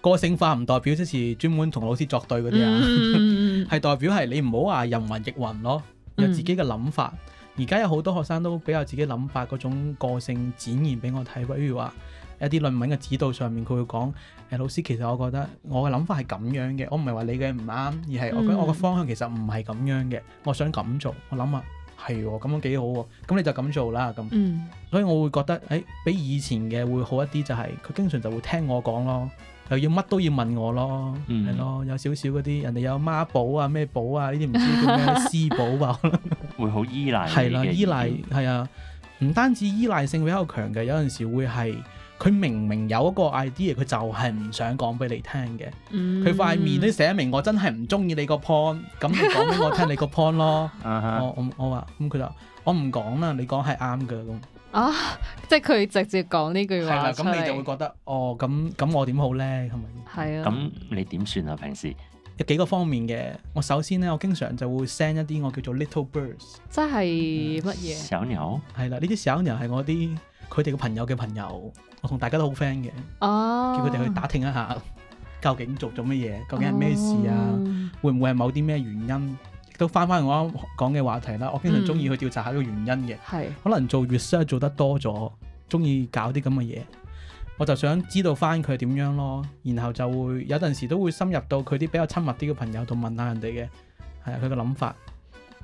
B: 個性化唔代表即是專門同老師作對嗰啲啊，係、嗯、 代表係你唔好話人云亦云咯，有自己嘅諗法。而家、嗯、有好多學生都比較自己諗法嗰種個性展現俾我睇，比如話，一啲論文嘅指導上面，佢會講：誒、欸、老師，其實我覺得我嘅諗法係咁樣嘅，我唔係話你嘅唔啱，而係我覺得我嘅方向其實唔係咁樣嘅、嗯，我想咁做，我諗下，係咁樣幾好喎，咁你就咁做啦，咁，嗯、所以我會覺得誒、欸、比以前嘅會好一啲，就係佢經常就會聽我講咯，又要乜都要問我咯，係咯、嗯，有少少嗰啲人哋有媽寶啊，咩寶啊呢啲唔知叫咩私寶啊， 寶啊
A: 會好依賴，係啦， 依賴，
B: 係啊，唔單止依賴性比較強嘅，有陣時會係。佢明明有一個 idea 佢就係唔想講俾你聽嘅。佢塊面都寫明我真係唔中意你個 point，咁 你講俾我聽你個 point 咯。Uh huh. 我我我話咁佢就我唔講啦，你講係啱嘅咁。
C: 啊，即係佢直接講呢句話出嚟係啦，咁你就會覺
B: 得以哦，咁咁我點好咧？係咪？係啊。咁你點算啊？平時有幾個方面嘅。我首先咧，我經常就會 send 一啲我叫做 little birds，
C: 即係乜嘢？嗯、麼小
B: 牛？係啦，呢啲小牛係我啲。佢哋嘅朋友嘅朋友，我同大家都好 friend 嘅，oh.
C: 叫佢哋去打
B: 聽一下究竟做咗乜嘢，究竟係咩事啊？Oh. 會唔會係某啲咩原因？亦都翻翻我啱講嘅話題啦。我經常中意去調查下個原因嘅，mm. 可能做 research、er、做得多咗，中意搞啲咁嘅嘢，我就想知道翻佢點樣咯。然後就會有陣時都會深入到佢啲比較親密啲嘅朋友度問下人哋嘅，係呀，佢嘅諗法。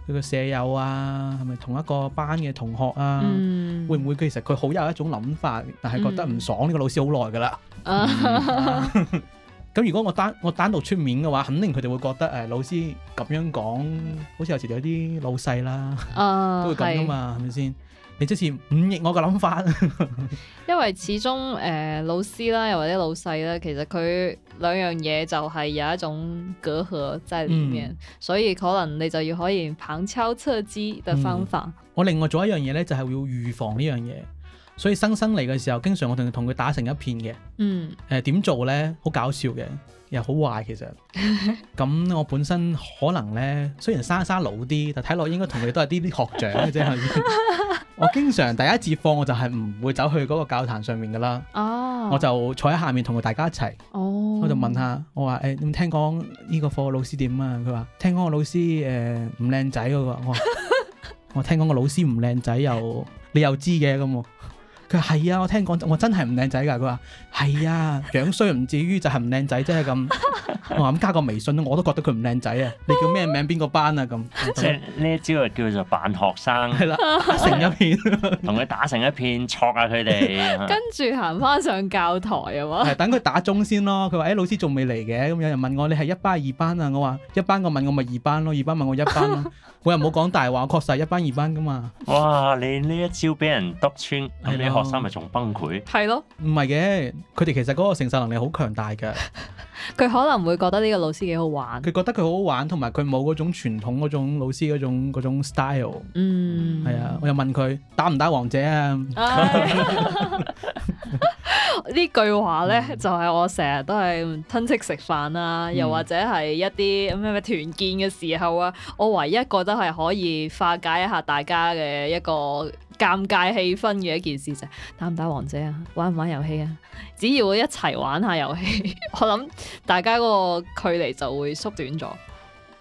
B: 佢個舍友啊，係咪同一個班嘅同學啊？嗯、會唔會其實佢好有一種諗法，但係覺得唔爽呢、嗯、個老師好耐噶啦。咁如果我單我單獨出面嘅話，肯定佢哋會覺得誒老師咁樣講，嗯、好似有時有啲老細啦，啊、
C: 都會咁啊嘛，
B: 係咪先？之前五億，我個諗法 ，
C: 因為始終誒、呃、老師啦，又或者老細啦，其實佢兩樣嘢就係有一種隔閡在裏面，嗯、所以可能你就要可以旁敲側擊嘅方法、嗯。
B: 我另外做一樣嘢咧，就係會預防呢樣嘢，所以生生嚟嘅時候，經常我同同佢打成一片嘅。嗯，誒點、呃、做咧？好搞笑嘅。又好壞其實，咁我本身可能咧，雖然生生老啲，但睇落應該同佢都係啲啲學長嘅啫。 我經常第一節課我就係唔會走去嗰個教壇上面噶啦，啊、我就坐喺下面同佢大家一齊。哦、我就問下，我話誒，你、欸、聽講呢個課老師點啊？佢話聽講個老師誒唔靚仔嗰、嗰個，我話我聽講個老師唔靚仔又，你又知嘅咁。佢係啊，我聽講我真係唔靚仔㗎。佢話係啊，樣衰唔至於就係唔靚仔，啫。 咁。我話咁加個微信，我都覺得佢唔靚仔啊。你叫咩名？邊個班啊？咁即
A: 係呢招係叫做扮學生，係啦的，成 整一片同 佢打成一片，錯啊佢哋。 跟
C: 住行翻上教台啊嘛。
A: 等
B: 佢打鐘先咯。佢話誒老師仲未嚟嘅。咁有人問我你係一班二班啊？我話一班我問我咪二班咯，二班問我一班咯。我又冇講大話，我確實係一班二班噶嘛。
A: 哇！你呢一招俾人督穿係學生咪仲崩潰？係
B: 咯的，唔係嘅，佢哋其實嗰個承受能力好強大嘅。
C: 佢 可能會覺得呢個老師幾好玩。
B: 佢覺得佢好好玩，同埋佢冇嗰種傳統嗰種老師嗰種嗰種 style。嗯，係啊，我又問佢打唔打王者啊？
C: 呢句話咧，嗯、就係我成日都係親戚食飯啊，又或者係一啲咩咩團建嘅時候啊，我唯一覺得係可以化解一下大家嘅一個。尷尬氣氛嘅一件事就係打唔打王者啊，玩唔玩遊戲啊？只要我一齊玩一下遊戲， 我諗大家個距離就會縮短咗。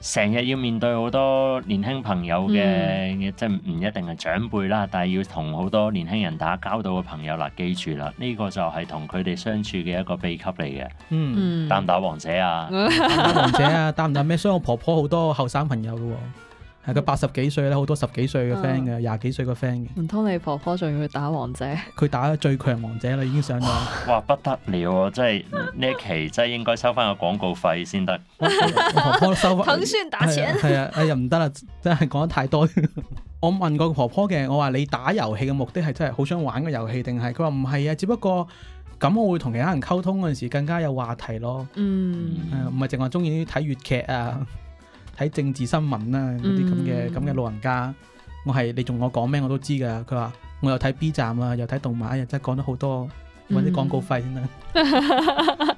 A: 成日要面對好多年輕朋友嘅，嗯、即係唔一定係長輩啦，但係要同好多年輕人打交道嘅朋友啦，記住啦，呢、呢個就係同佢哋相處嘅一個秘笈嚟嘅。嗯，嗯打唔打王者啊， 啊？打王者啊？
B: 打唔打咩？所以我婆婆好多後生朋友嘅喎。係個八十幾歲咧，好多,多十幾歲嘅 friend 嘅，廿幾歲嘅 friend
C: 嘅。唔通你婆婆仲要去打王者？
B: 佢打咗最強王者啦，已經上到
A: 哇不得了啊！真係呢一期真係應該收翻個廣告費先得。
C: 婆婆收騰訊打錢係啊、
B: 哎，哎呀唔得啦，真係講得太多。 我問過婆婆嘅，我話你打遊戲嘅目的係真係好想玩個遊戲定係？佢話唔係啊，只不過咁我會同其他人溝通嗰陣時更加有話題咯。嗯，唔係淨係中意睇粵劇啊。睇政治新聞啦，嗰啲咁嘅咁嘅老人家，我係你同我講咩我都知噶。佢話我又睇 B 站啦，又睇動漫，又真係講咗好多。
C: 搵啲
A: 廣告費先啦。嗯、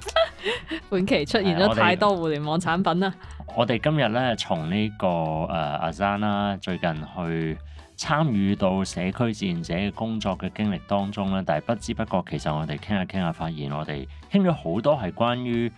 C: 本期出現咗太多互聯網產品啦、
A: 呃。我哋今日咧，從呢、這個誒 Azan 啦，呃、ana, 最近去參與到社區志願者嘅工作嘅經歷當中咧，但係不知不覺其實我哋傾下傾下，發現我哋傾咗好多係關於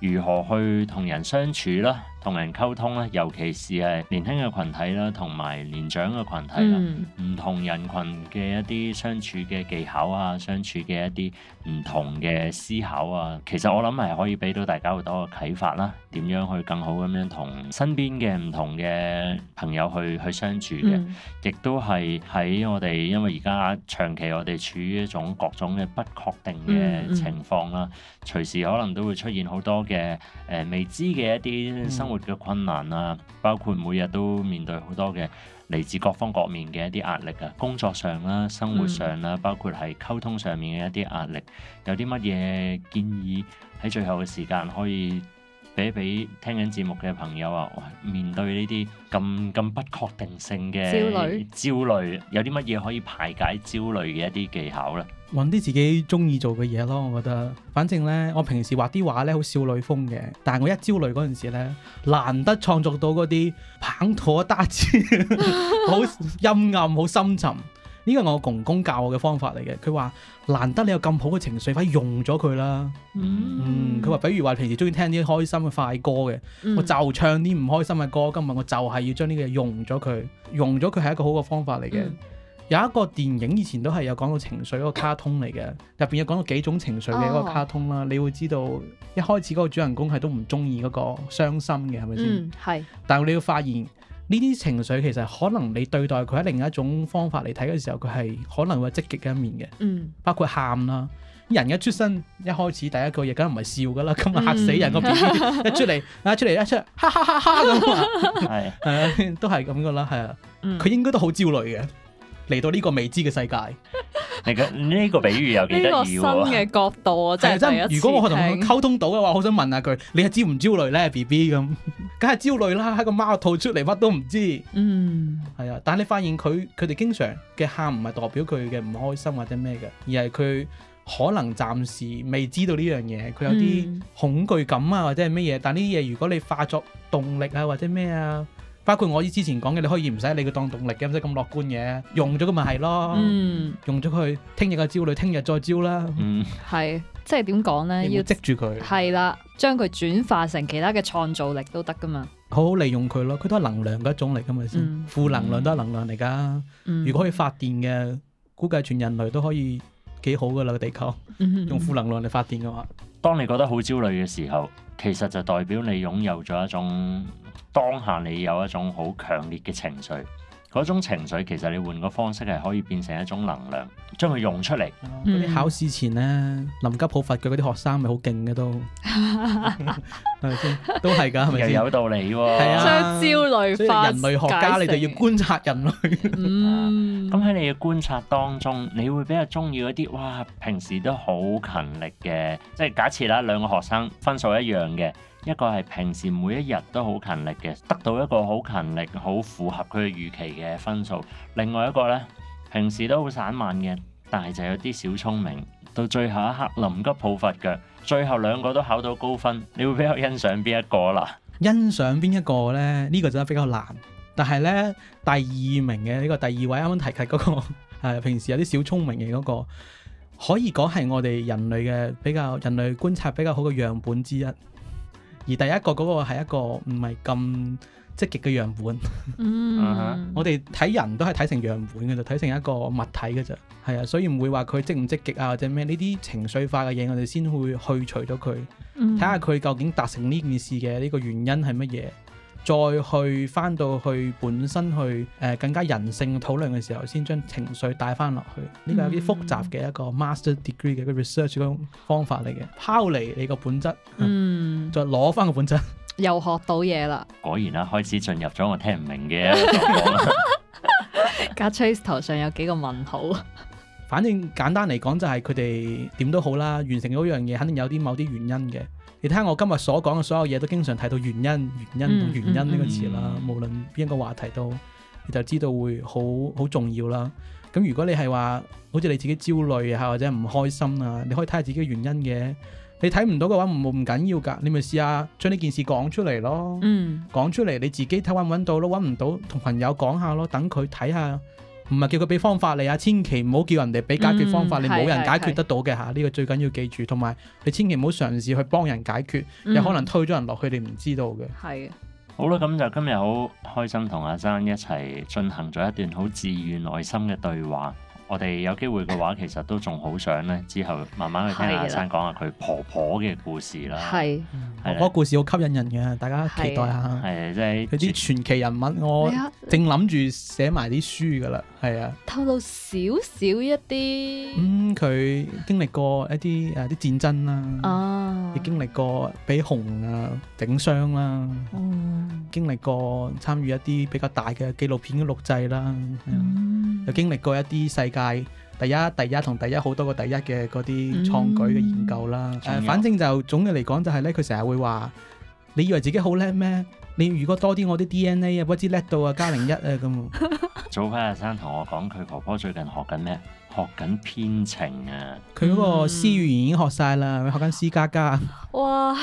A: 如何去同人相處啦。同人溝通咧，尤其是係年輕嘅群體啦，同埋年長嘅群體啦，唔、嗯、同人群嘅一啲相處嘅技巧啊，相處嘅一啲唔同嘅思考啊，其實我諗係可以俾到大家好多嘅啟發啦，點樣去更好咁樣同身邊嘅唔同嘅朋友去去相處嘅，嗯、亦都係，喺我哋因為而家長期我哋處於一種各種嘅不確定嘅情況啦，嗯嗯、隨時可能都會出現好多嘅誒、呃、未知嘅一啲活嘅困難啦，包括每日都面對好多嘅嚟自各方各面嘅一啲壓力啊，工作上啦，生活上啦，包括係溝通上面嘅一啲壓力，嗯、有啲乜嘢建議喺最後嘅時間可以俾一俾聽緊節目嘅朋友啊？面對呢啲咁咁不確定性嘅焦慮，有啲乜嘢可以排解焦慮嘅一啲技巧咧？
B: 揾啲自己中意做嘅嘢咯，我覺得。反正呢，我平時畫啲畫呢，好少女風嘅，但係我一焦慮嗰陣時呢，難得創作到嗰啲棒妥一擔字，好 陰暗，好深沉。呢個係我公公教我嘅方法嚟嘅。佢話：難得你有咁好嘅情緒，快用咗佢啦。嗯，佢話、嗯：比如話平時中意聽啲開心嘅快歌嘅，嗯、我就唱啲唔開心嘅歌。今日我就係要將呢個嘢用咗佢，用咗佢係一個好嘅方法嚟嘅。嗯有一個電影以前都係有講到情緒嗰個卡通嚟嘅，入邊有講到幾種情緒嘅一個卡通啦。你會知道一開始嗰個主人公係都唔中意嗰個傷心嘅，係咪先？
C: 係。
B: 但係你要發現呢啲情緒其實可能你對待佢喺另一種方法嚟睇嘅時候，佢係可能會積極嘅一面嘅。包括喊啦，人一出生一開始第一個嘢梗唔係笑㗎啦？咁啊嚇死人邊，一出嚟啊出嚟一出，哈哈哈哈咁啊，係係都係咁㗎啦，係啊，佢應該都好焦慮嘅。嚟到呢個未知嘅世界，呢個呢個比喻有幾多有、啊、 新嘅
C: 角度啊，真係真。如果我同佢溝
B: 通到嘅話，好想問下佢，你係焦唔焦慮咧？B B 咁，梗係焦慮啦！喺 個貓肚出嚟，乜都唔知。嗯，係啊。但係你發現佢佢哋經常嘅喊唔係代表佢嘅唔開心或者咩嘅，而係佢可能暫時未知道呢樣嘢，佢有啲恐懼感啊或者係乜嘢。嗯、但呢啲嘢，如果你化作動力啊或者咩啊。包括我之前講嘅，你可以唔使理佢當動力嘅，唔使咁樂觀嘅，用咗嘅咪係咯。嗯，用咗佢，聽日嘅焦慮，聽日再焦啦。嗯，
C: 係，即係點講咧？要積住佢。係啦，將佢轉化成其他嘅創造力都得噶嘛。
B: 好好利用佢咯，佢都係能量嘅一種嚟噶嘛。嗯、負能量都係能量嚟噶。嗯、如果可以發電嘅，估計全人類都可以幾好噶啦。個地球用負能量嚟發電嘅話，嗯嗯嗯
A: 嗯、當你覺得好焦慮嘅時候，其實就代表你擁有咗一種。當下你有一種好強烈嘅情緒，嗰種情緒其實你換個方式係可以變成一種能量，將佢用出嚟。嗰啲、嗯、考
B: 試前咧，臨急抱佛腳嗰啲學生咪好勁嘅
A: 都，係咪先？都係㗎，係咪？又有道理喎、啊。將
C: 焦慮化，人類學家
A: 你就要觀察人類。咁 喺、嗯啊、你嘅觀察當中，你會比較中意嗰啲哇？平時都好勤力嘅，即係假設啦，兩個學生分數一樣嘅。一個係平時每一日都好勤力嘅，得到一個好勤力、好符合佢嘅預期嘅分數；另外一個呢，平時都好散漫嘅，但係就有啲小聰明，到最後一刻臨急抱佛腳。最後兩個都考到高分，你會比較欣賞邊一個啦？
B: 欣賞邊一個呢？呢個真係比較難。但係呢，第二名嘅呢個第二位啱啱提及嗰個係平時有啲小聰明嘅嗰個，可以講係我哋人類嘅比較人類觀察比較好嘅樣本之一。而第一個嗰個係一個唔係咁積極嘅樣本
A: ，mm hmm. 我哋
B: 睇人都係睇成樣本嘅就睇成一個物體嘅啫，係啊，所以唔會話佢積唔積極啊或者咩呢啲情緒化嘅嘢，我哋先會去除咗佢，睇、mm hmm. 下佢究竟達成呢件事嘅呢個原因係乜嘢。再去翻到去本身去誒、呃、更加人性討論嘅時候，先將情緒帶翻落去。呢個係啲複雜嘅、嗯、一個 master degree 嘅一個 research 嘅方法嚟嘅，拋離你個本質，嗯，再攞翻個本質，
C: 又學到嘢啦。
A: 果然啦、啊，開始進入咗我聽唔明嘅。
C: Ga Trace 頭上有幾個問號。
A: 反正簡單嚟
B: 講，就係佢哋點都好啦，完成咗樣嘢，肯定有啲某啲原因嘅。你睇下我今日所講嘅所有嘢，都經常提到原因、原因、原因呢、嗯嗯嗯、個詞啦。無論邊一個話題都，你就知道會好好重要啦。咁如果你係話好似你自己焦慮啊，或者唔開心啊，你可以睇下自己嘅原因嘅。你睇唔到嘅話，唔唔緊要㗎，你咪試下將呢件事講出嚟咯。講出嚟你自己睇搵唔搵到咯，搵唔到同朋友講下咯，等佢睇下。唔係叫佢俾方法你啊！千祈唔好叫人哋俾解決方法，嗯、你冇人解決得到嘅嚇，呢是個最緊要記住。同埋你千祈唔好嘗試去幫人解決，有、嗯、可能推咗人落去，你唔知道嘅。係的，
A: 好啦，咁就今日好開心同阿生一齊進行咗一段好自願內心嘅對話。我哋有機會嘅話，其實都仲好想咧，之後慢慢去聽 Azan 講下佢婆婆嘅故事啦。係婆婆
B: 故事好吸引人嘅，大家期待下。
A: 係，即係嗰啲傳奇人物，我正諗
B: 住寫埋啲書㗎啦。係啊，
C: 透露少少一啲。嗯，佢
B: 經歷過一啲誒啲戰爭啦，
C: 哦，亦
B: 經歷過俾熊啊整傷啦，哦，經歷過參與一啲比較大嘅紀錄片嘅錄製啦，嗯，又經歷過一啲世界界第一、第一同第一好多個第一嘅嗰啲創舉嘅研究啦，誒、嗯呃，反正就總嘅嚟講就係咧，佢成日會話，你以為自己好叻咩？你如果多啲我啲 DNA 啊，不知叻到啊加零一啊咁。
A: 早排阿生同我講，佢婆婆最近學緊咩？學緊編程啊！佢嗰個 C
B: 語言已經學晒啦，嗯、學緊 C 加加。
C: 哇！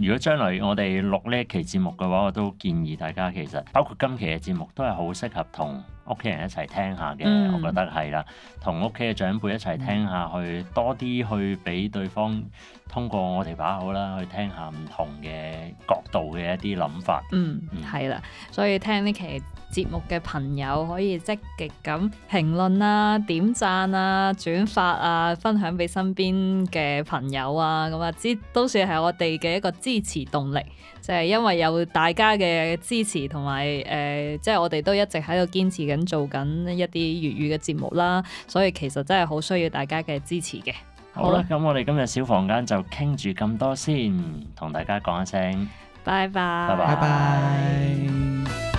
A: 如果將來我哋錄呢一期節目嘅話，我都建議大家其實包括今期嘅節目都係好適合同屋企人一齊聽下嘅，嗯、我覺得係啦。同屋企嘅長輩一齊聽下去，嗯、多啲去俾對方通過我哋把口啦，去聽下唔同嘅角度嘅一啲諗法。
C: 嗯，係啦、嗯，所以聽呢期。節目嘅朋友可以積極咁評論啊、點讚啊、轉發啊、分享俾身邊嘅朋友啊，咁啊支都算係我哋嘅一個支持動力，就係、是，因為有大家嘅支持同埋誒、即係、呃就是、我哋都一直喺度堅持緊做緊一啲粵語嘅節目啦，所以其實真係好需要大家嘅支持嘅。
A: 好啦吧，咁吧我哋今日小房間就傾住咁多先，同大家講一聲，
C: 拜拜，拜拜。